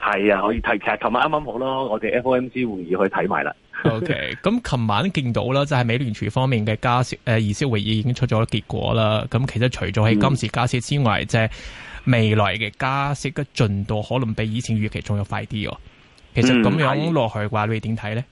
係啊，可以睇。其實琴晚啱啱好咯，我哋 FOMC 會議可以睇埋啦。OK，咁琴晚見到啦，就係、是、美聯儲方面嘅加息誒、呃，議息會議已經出咗結果啦。咁其實除咗喺今次加息之外，即、嗯、係、就是、未來嘅加息嘅進度，可能比以前預期仲要快啲喎、哦。其實咁樣落去嘅話，嗯、你點睇咧？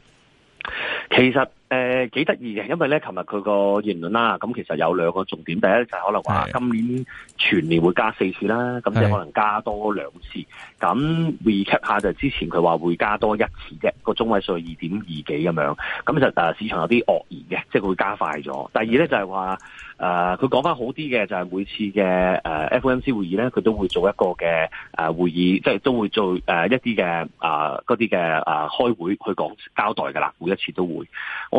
其實。誒，幾得意嘅，因為咧，琴日，佢個言論啦，咁其實有兩個重點，第一就係、可能話今年全年會加四次啦，咁即係可能加多兩次。咁 recap 下就之前佢話會加多一次嘅個中位數二點二幾咁樣，咁就誒市場有啲愕然嘅，即係佢會加快咗。第二咧，就係話誒，佢講翻好啲嘅就係、係、每次嘅誒 FOMC 會議咧，佢都會做一個嘅誒會議，即係都會做誒一啲嘅啊嗰啲嘅啊開會去講交代嘅啦，每一次都會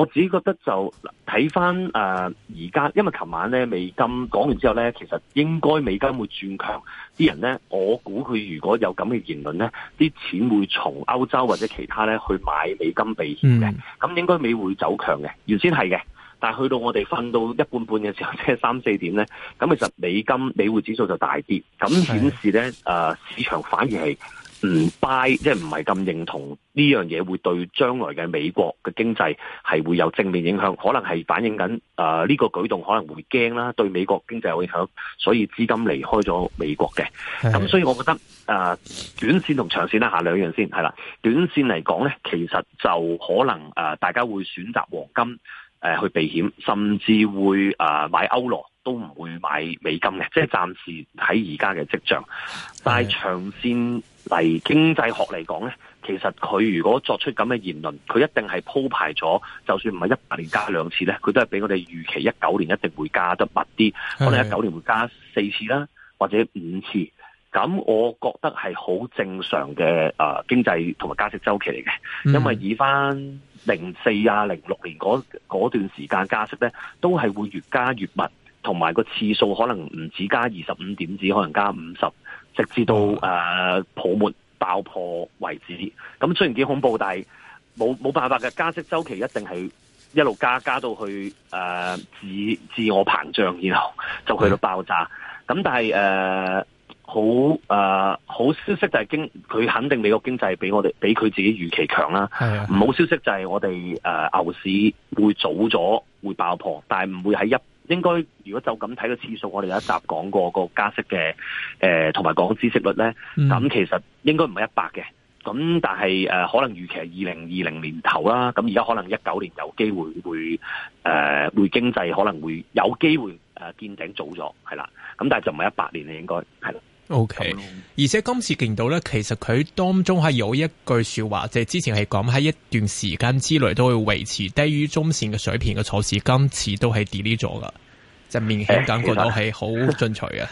我自己覺得就睇翻誒而家，因為琴晚咧美金講完之後咧，其實應該美金會轉強。啲人咧，我估佢如果有咁嘅言論咧，啲錢會從歐洲或者其他咧去買美金避險嘅。咁、嗯、應該美匯走強嘅，原先係嘅。但係去到我哋瞓到一半半嘅時候，即、就、係、是、三四點咧，咁其實美金美匯指數就大跌，咁顯示咧誒、呃、市場反而係唔 buy 即係唔係咁認同呢樣嘢，會對將來嘅美國嘅經濟係會有正面影響，可能係反映緊誒呢個舉動可能會驚啦，對美國經濟有影響，所以資金離開咗美國嘅。咁所以我覺得誒、呃、短綫同長綫啦，下兩樣先係啦。短綫嚟講咧，其實就可能誒、呃、大家會選擇黃金誒、呃、去避險，甚至會誒、呃、買歐羅。都唔會買美金嘅，即係暫時喺而家嘅跡象。但係長線嚟，經濟學嚟講呢，其實佢如果作出咁嘅言論，佢一定係鋪排咗，就算唔係一八年加兩次呢，佢都係俾我哋預期一九年一定會加得密啲。可能一九年會加四次啦，或者五次。咁我覺得係好正常嘅誒、呃、經濟同埋加息周期嚟嘅，因為以翻零四啊零六年嗰段時間加息呢，都係會越加越密。同埋個次數可能唔止加二十五點子，可能加五十，直至到誒、哦啊、泡沫爆破為止。咁雖然幾恐怖，但係冇冇辦法嘅，加息週期一定係一路加，加到去誒、啊、自自我膨脹，然後就去到爆炸。咁但係誒、啊、好誒、啊、好消息就係經佢肯定美國經濟比我哋比佢自己預期強啦。唔好消息就係我哋誒、啊、牛市會早咗會爆破，但係唔會喺一。應該如果就咁睇個次數，我哋有一集講過個加息嘅誒同埋講知識率咧，咁其實應該唔係一百嘅。咁但係、呃、可能預期係二零二零年頭啦。咁而家可能一九年有機會會、呃、會經濟可能會有機會誒、呃、見頂早咗，係啦。咁但係就唔係一百年嘅應該係啦。O、okay, K，而且今次見到咧，其實佢當中係有一句說話，即、就、係、是、之前係講喺一段時間之內都會維持低於中線嘅水平嘅措辭。今次都係 delete 咗㗎，就明顯感覺到係好進取㗎。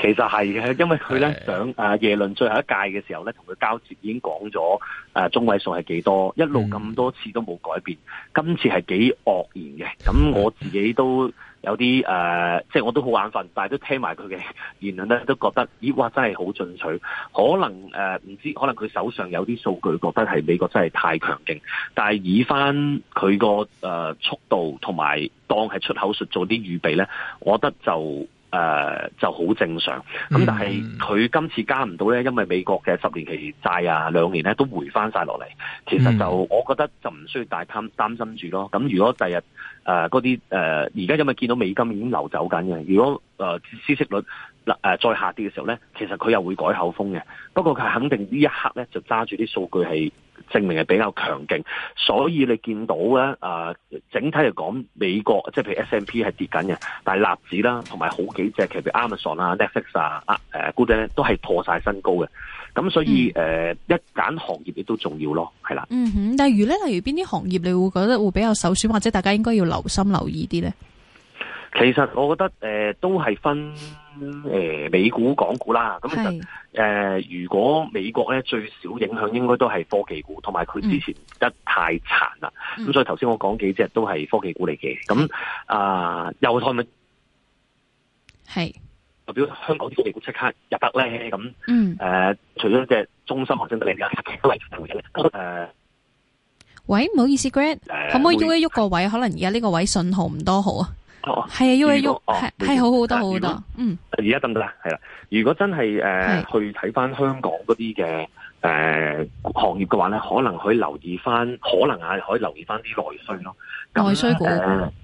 其實係嘅，因為佢咧想啊耶倫最後一屆嘅時候咧，同佢交接已經講咗啊中位數係幾多，一路咁多次都冇改變，嗯、今次係幾愕然嘅。咁我自己都。嗯有啲誒、呃，即係我都好眼瞓，但係都聽埋佢嘅言論咧，都覺得咦，哇，真係好進取。可能誒，唔、呃、知可能佢手上有啲數據，覺得係美國真係太強勁。但係以翻佢個誒速度同埋當係出口術做啲預備咧，我覺得就。誒、uh，就好正常，咁但係佢今次加唔到咧，因為美國嘅十年期債啊、兩年咧都回翻曬落嚟，其實就我覺得就唔需要大擔心住咯。咁如果第日誒嗰啲誒而家因為見到美金已經流走緊嘅，如果誒息息率。嗱、呃，再下跌嘅時候咧，其實佢又會改口風嘅。不過佢肯定呢一刻咧，就揸住啲數據係證明係比較強勁。所以你見到咧，誒、呃、整體嚟講，美國即係譬如 S&P 係跌緊嘅，但係納指啦，同埋好幾隻，譬如 Amazon 啊、Netflix 啊、呃、Google 呢，都係破晒新高嘅。咁所以誒、嗯呃，一揀行業亦都重要咯，係啦。嗯哼，但如咧，例如邊啲行業你會覺得會比較首選，或者大家應該要留心留意啲咧？其實我覺得誒、呃，都係分誒、呃、美股、港股啦。咁其實誒、呃，如果美國咧，最少影響，應該都係科技股，同埋佢之前得太殘啦。咁、嗯、所以頭先我講幾隻都係科技股嚟嘅。咁、嗯、啊，又係咪係代表香港啲科技股即刻入得咧？咁誒、嗯呃，除咗只中心恒生嗰兩隻，因為誒，喂、呃，唔好意思，Grant，可、呃、唔可以喐一喐個位？呃、可能而家呢個位信號唔多好啊。哦，係，喐一喐啊，係係好好多好好多，好多現在行行嗯。而家得唔得咧？係啦，如果真係誒、呃，去睇翻香港嗰啲嘅。誒、呃，行業嘅話咧，可能可以留意翻，可能係，可以留意翻啲內需咯。內、嗯、需股，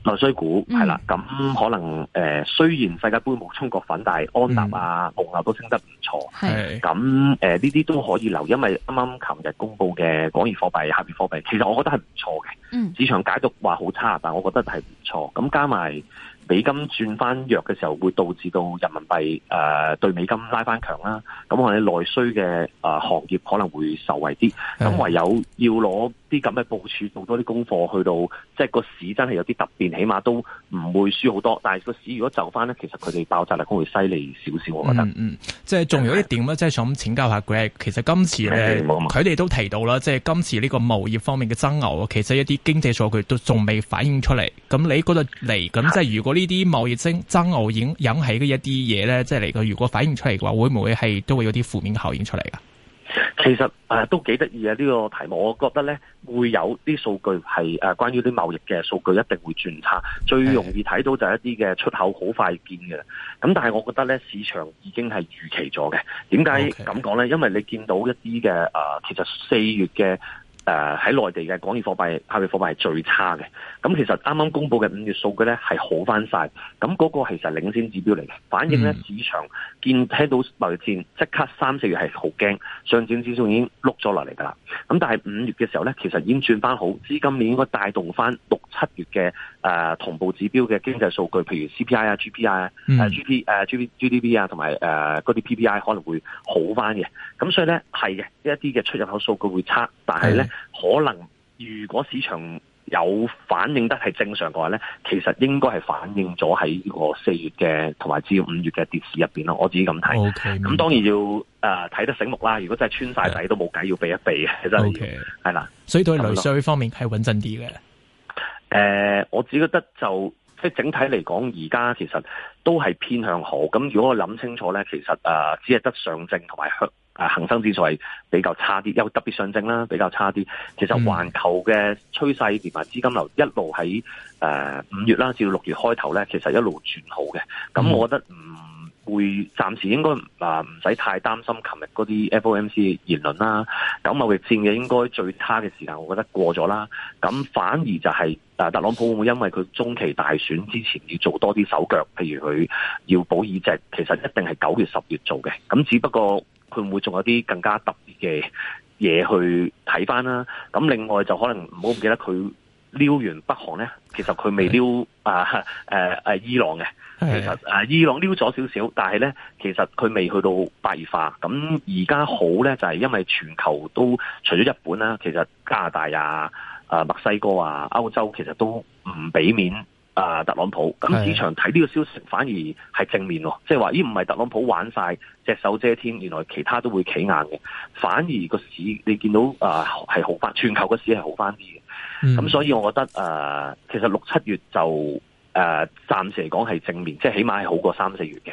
內需股係啦。咁可能誒，雖然世界盃冇中國份，但係安踏啊、紅、嗯、牛都升得唔錯。係咁誒，呢啲、呃、都可以留意，因為啱啱琴日公布嘅廣義貨幣、狹義貨幣，其實我覺得係唔錯嘅。市場解讀話好差，但係我覺得係唔錯。咁加埋。美金轉翻弱嘅時候，會導致到人民幣誒、呃、對美金拉翻強啦。咁我哋內需嘅誒行業可能會受惠啲。咁唯有要攞。啲咁嘅部署，做多啲功課，去到即係個市真係有啲突變，起碼都唔會輸好多。但係個市如果就翻咧，其實佢哋爆炸力會犀利少少，我覺得。嗯，即係仲有一點咧，即係想請教下 Greg，其實今次咧，佢哋都提到啦，即係今次呢個貿易方面嘅爭拗，其實一啲經濟數據都仲未反映出嚟。咁你嗰度嚟咁，即係如果呢啲貿易爭爭拗引引起嘅一啲嘢咧，即係嚟到如果反映出嚟嘅話，會唔會係都會有啲負面效應出嚟㗎？其實誒都幾得意啊！呢個題目，我覺得呢會有啲數據係誒、啊、關於啲貿易嘅數據，一定會轉差。最容易睇到就係一啲嘅出口好快變嘅。咁但係我覺得呢市場已經係預期咗嘅。點解咁講呢？因為你見到一啲嘅誒，其實四月嘅。誒喺內地嘅港元貨幣、派別貨幣係最差嘅。咁其實啱啱公布嘅五月數據咧係好翻晒。咁嗰、那個其實是領先指標嚟嘅。反映咧、嗯、市場見聽到貿易戰，即刻三四月係好驚，上證指數已經碌咗落嚟㗎啦。咁但係五月嘅時候咧，其實已經轉翻好，資金面應該帶動翻六七月嘅誒、呃、同步指標嘅經濟數據，譬如 CPI 啊、GPI 啊、G P 誒、uh, G P G D P 啊，同埋誒嗰啲 P P I 可能會好翻嘅。咁所以咧係嘅，呢一啲嘅出入口數據會差，但係咧。可能如果市場有反應得係正常嘅話呢，其實應該係反映咗喺呢個四月嘅同埋至五月嘅跌市入邊咯。我自己咁睇。O K。咁當然要誒睇、呃、得醒目啦。如果真係穿晒底都冇計，yeah. 要避一避嘅真係。O K。係啦，所以對樓市方面係穩陣啲嘅。誒、呃，我只覺得就即係整體嚟講，而家其實都係偏向好。咁如果我諗清楚呢，其實誒、呃、只係得上證同埋香。誒、啊、恆生指數係比較差啲，又特別上證啦比較差啲。其實環球嘅趨勢連埋資金流一路喺誒五月啦，至到六月開頭咧，其實一路轉好嘅。咁我覺得唔會暫時應該唔使、啊、太擔心。琴日嗰啲 FOMC 言論啦，咁貿易戰嘅應該最差嘅時間，我覺得過咗啦。咁反而就係、是啊、特朗普會唔會因為佢中期大選之前要做多啲手腳，譬如佢要保議席，其實一定係九月十月做嘅。咁只不過。佢唔會仲有啲更加特別嘅嘢去睇返啦。咁另外就可能唔好唔記得佢撩完北韓咧，其實佢未撩啊，誒誒、啊啊、伊朗嘅。其實誒、啊、伊朗撩咗少少，但係咧其實佢未去到弊化。咁而家好咧，就係、是、因為全球都除咗日本啦、啊，其實加拿大啊、啊墨西哥啊、歐洲其實都唔俾面啊，特朗普咁，市場睇呢個消息反而係正面喎，即係話咦唔係特朗普玩晒隻手遮天，原來其他都會企硬嘅，反而個市你見到誒係、啊、好返，全球個市係好返啲嘅，咁、嗯、所以我覺得誒、啊、其實六七月就誒、啊、暫時嚟講係正面，即係起碼係好過三四月嘅。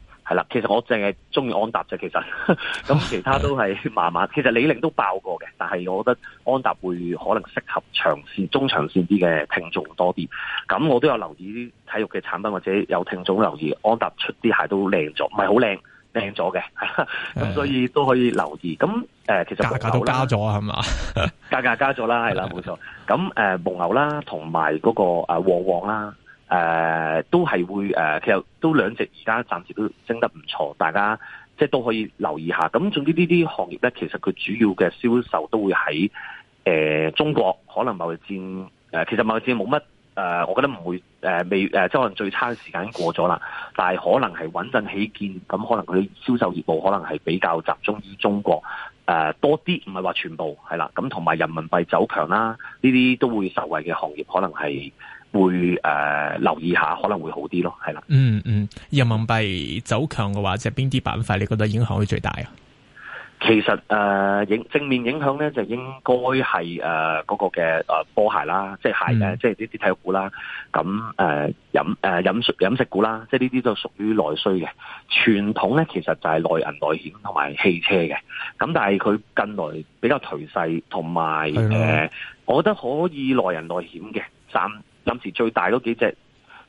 係啦，其實我淨係中意安踏啫，其實咁其他都係麻麻。其實李寧都爆過嘅，但係我覺得安踏會可能適合長線、中長線啲嘅聽眾多啲。咁我都有留意啲體育嘅產品，或者有聽眾留意安踏出啲鞋都靚咗，唔係好靚，靚咗嘅。咁、 嗯、所以都可以留意。咁誒，其實價格都加咗係嘛？價 格加咗啦，係啦，冇錯。咁 誒、嗯，蒙牛啦，同埋嗰個誒旺旺啦。誒、呃，都係會誒、呃，其實都兩隻而家，暫時都升得唔錯，大家即係都可以留意一下。咁總之呢啲行業咧，其實佢主要嘅銷售都會喺誒、呃、中國，可能貿易戰誒、呃，其實貿易戰冇乜誒，我覺得唔會誒、呃、未誒、呃，即可能最差嘅時間過咗啦，但係可能係穩陣起見，咁可能佢銷售業務可能係比較集中於中國誒、呃、多啲，唔係話全部係啦。咁同埋人民幣走強啦，呢啲都會受惠嘅行業可能係。會誒、呃、留意下，可能會好啲咯，係啦。嗯嗯，人民幣走強嘅話，即係邊啲板塊你覺得影響會最大啊？其實誒影、呃、正面影響咧，就應該係誒嗰個嘅誒、呃、波鞋啦，即係鞋誒，即係呢啲體育股啦。咁誒飲誒飲食飲食股啦，即係呢啲都屬於內需嘅。傳統咧，其實就係內銀內險同埋汽車嘅。咁但係佢近來比較頹勢，同埋誒，我覺得可以內銀內險嘅暫時最大嗰幾隻，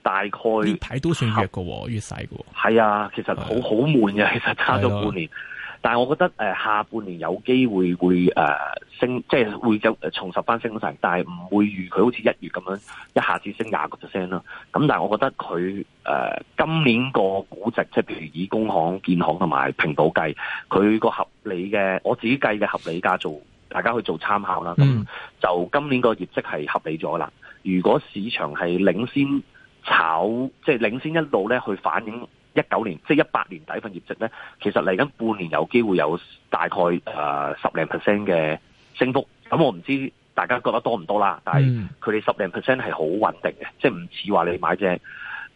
大概睇都算弱嘅，越細嘅。係啊，其實好好悶嘅，其實差咗半年。啊、但係我覺得誒、呃，下半年有機會會誒、呃、升，即係會有重拾翻升勢，但係唔會如佢好似一月咁樣一下子升廿個 percent 咯。咁但係我覺得佢誒、呃、今年個估值，即係譬如以工行、建行同埋平保計，佢個合理嘅，我自己計嘅合理價做，大家去做參考啦。咁、嗯、就今年個業績係合理咗啦。如果市場係領先炒，即、就、係、是、領先一路咧去反映一九年，即係一八年底份業績咧，其實嚟緊半年有機會有大概誒、呃、十零 percent 嘅升幅。咁我唔知道大家覺得多唔多啦，但係佢哋十零 percent 係好穩定嘅，即係唔似話你買隻誒、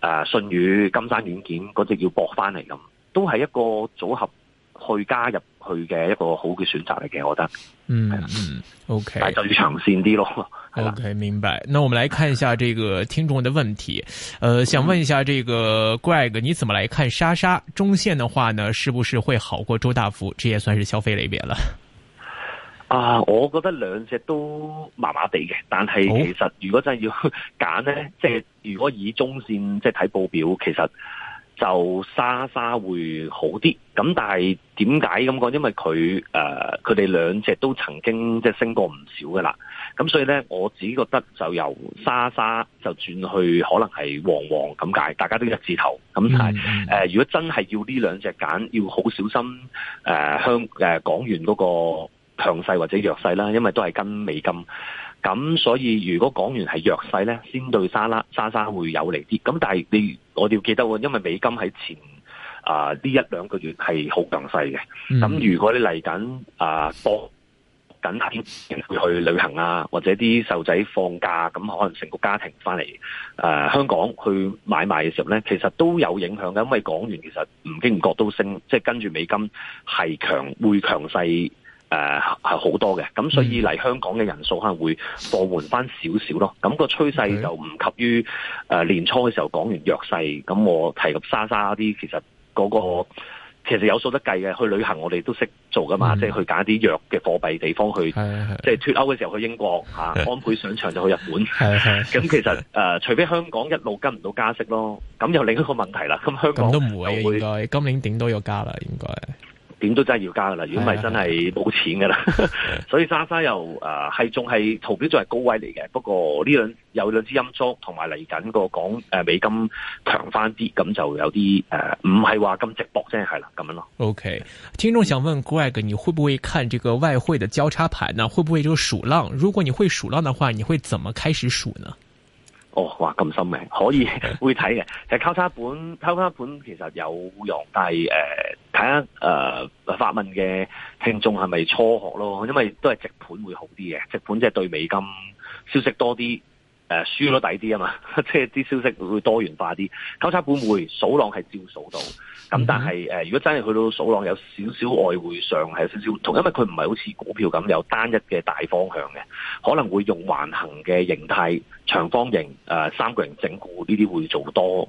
呃、信譽金山軟件嗰隻要搏翻嚟咁，都係一個組合去加入。佢嘅一個好嘅選擇嚟嘅，我覺得，嗯嗯，OK，但係就要長線啲咯，OK 明白。那我們來看一下這個聽眾的問題，呃、嗯，想問一下這個 Greg，你怎麼來看莎莎中線的話呢？是不是會好過周大福？這也算是消費類別了。啊，我覺得兩隻都麻麻地嘅，但係其實如果真係要揀呢，即、哦、係、就是、如果以中線即係睇報表，其實。就莎莎會好啲，咁但係點解咁講？因為佢誒，佢哋兩隻都曾經即係升過唔少噶啦，咁所以咧，我自己覺得就由莎莎就轉去可能係旺旺咁解，大家都一字頭咁但係，誒、呃，如果真係要呢兩隻揀，要好小心誒、呃，香誒，港元嗰個強勢或者弱勢啦，因為都係跟美金。咁所以如果港元係弱勢咧，先對沙拉沙沙會有利啲。咁但係你我哋要記得喎、哦，因為美金喺前啊呢、呃、一兩個月係好強勢嘅。咁、嗯、如果你嚟、呃、緊啊多緊啲去旅行啊，或者啲細仔放假，咁可能成個家庭翻嚟誒香港去買賣嘅時候咧，其實都有影響嘅。因為港元其實唔經唔覺都升，即、就、係、是、跟住美金係強會強勢，誒、呃，係好多嘅，咁所以嚟香港嘅人數可能會放緩翻少少咯，咁、那個趨勢就唔及於誒、呃、年初嘅時候講完弱勢，咁我提及莎莎啲，其實嗰、那個其實有數得計嘅，去旅行我哋都識做噶嘛，即、嗯、係去揀啲弱嘅貨幣地方去，即係脱歐嘅時候去英國是是、啊、安倍上場就去日本，咁其實誒、呃、除非香港一路跟唔到加息咯，咁又另一個問題啦，咁香港咁都唔會，會應該今年頂多有加啦，應該。點都真係要加噶啦，如果唔係真係冇錢噶啦。 所以莎莎又誒係仲係圖表仲係高位嚟嘅，不過呢兩有兩支陰燭，同埋嚟緊個港誒美金強翻啲，咁就有啲誒唔係話咁直搏啫，係啦咁樣咯。OK，聽眾想問 Greg，你會唔會看這個外匯嘅交叉盤呢？會唔會就數浪？如果你會數浪嘅話，你會怎麼開始數呢？哦，哇咁深咩？可以會睇嘅， 就交叉盤，交叉盤其實有用，但係誒。呃睇下誒發問嘅聽眾係咪初學咯，因為都係直盤會好啲嘅，直盤即係對美金消息多啲，輸咯底啲啊嘛，嗯、即係啲消息會多元化啲，交叉盤會數浪係招數到，咁但係誒、呃、如果真係去到數浪有少少外匯上係有少少唔同，因為佢唔係好似股票咁有單一嘅大方向嘅，可能會用橫行嘅形態、長方形、呃、三角形整固呢啲會做多。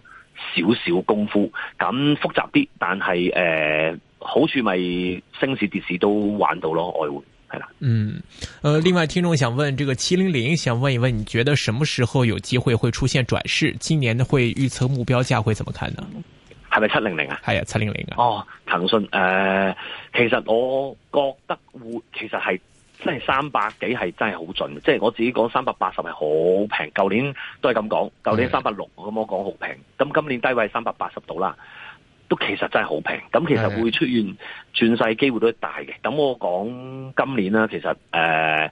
少少功夫咁複雜啲，但係誒、呃、好處咪升市跌市都玩到咯，外匯係啦。嗯，誒、呃，另外聽眾想問，這個七零零想問一問，你覺得什麼時候有機會會出現轉勢？今年會預測目標價會怎麼看呢？係咪七零零啊？係啊，七零零啊。哦，騰訊誒，其實我覺得會，其實係。真係三百幾係真係好準，即係我自己講三百八十係好平。舊年都係咁講，舊年三百六咁我講好平。咁今年低位三百八十度啦，都其實真係好平。咁其實會出現轉勢機會都大嘅。咁我講今年啦，其實誒，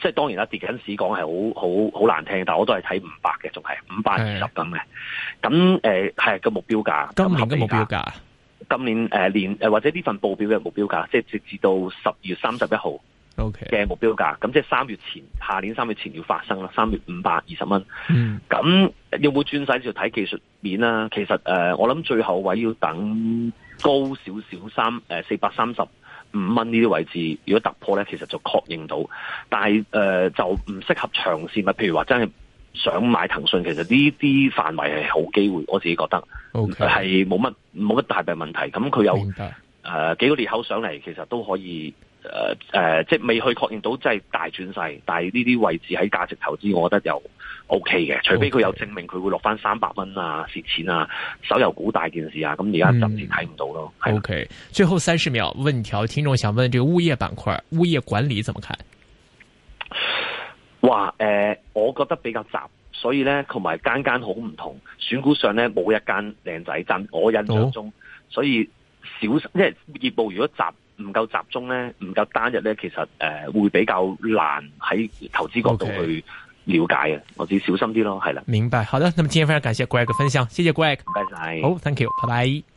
即係當然啦，跌緊市講係好好好難聽，但係我都係睇五百嘅，仲係五百二十咁嘅。咁誒係個目標價，今年嘅目標價，今年誒年誒或者呢份報表嘅目標價，即係直至到十月三十一號。O.K. 嘅目標價，咁即係三月前，下年三月前要發生啦，三月五百二十蚊。嗯、mm.，咁有冇轉勢就睇技術面啦、啊。其實誒、呃，我諗最後位要等高少少三誒四百三十五蚊呢啲位置，如果突破咧，其實就確認到。但係誒、呃、就唔適合長線咪，譬如話真係想買騰訊，其實呢啲範圍係好機會，我自己覺得係冇乜冇乜大病問題。咁佢有誒、呃、幾個裂口上嚟，其實都可以。誒、呃、誒、呃，即係未去確認到，即係大轉勢，但係呢啲位置喺價值投資，我覺得又 O K 嘅。除非佢有證明佢會落翻三百蚊啊蝕錢啊，手遊股大件事啊，咁而家暫時睇唔到咯。O、嗯、K，最後三十秒，問條聽眾想問，這個物業板塊，物業管理怎麼看？話誒、呃，我覺得比較雜，所以呢，同埋間間好唔同，選股上呢，冇一間靚仔真，我印象中，哦、所以少，因為業務如果雜。唔夠集中咧，唔夠單日咧，其實誒、呃、會比較難喺投資角度去了解，okay。我或小心啲咯，係啦。明白，好啦，咁。今日非常感謝 Greg 嘅分享，謝謝 Greg。唔該晒。好 thank you，拜拜。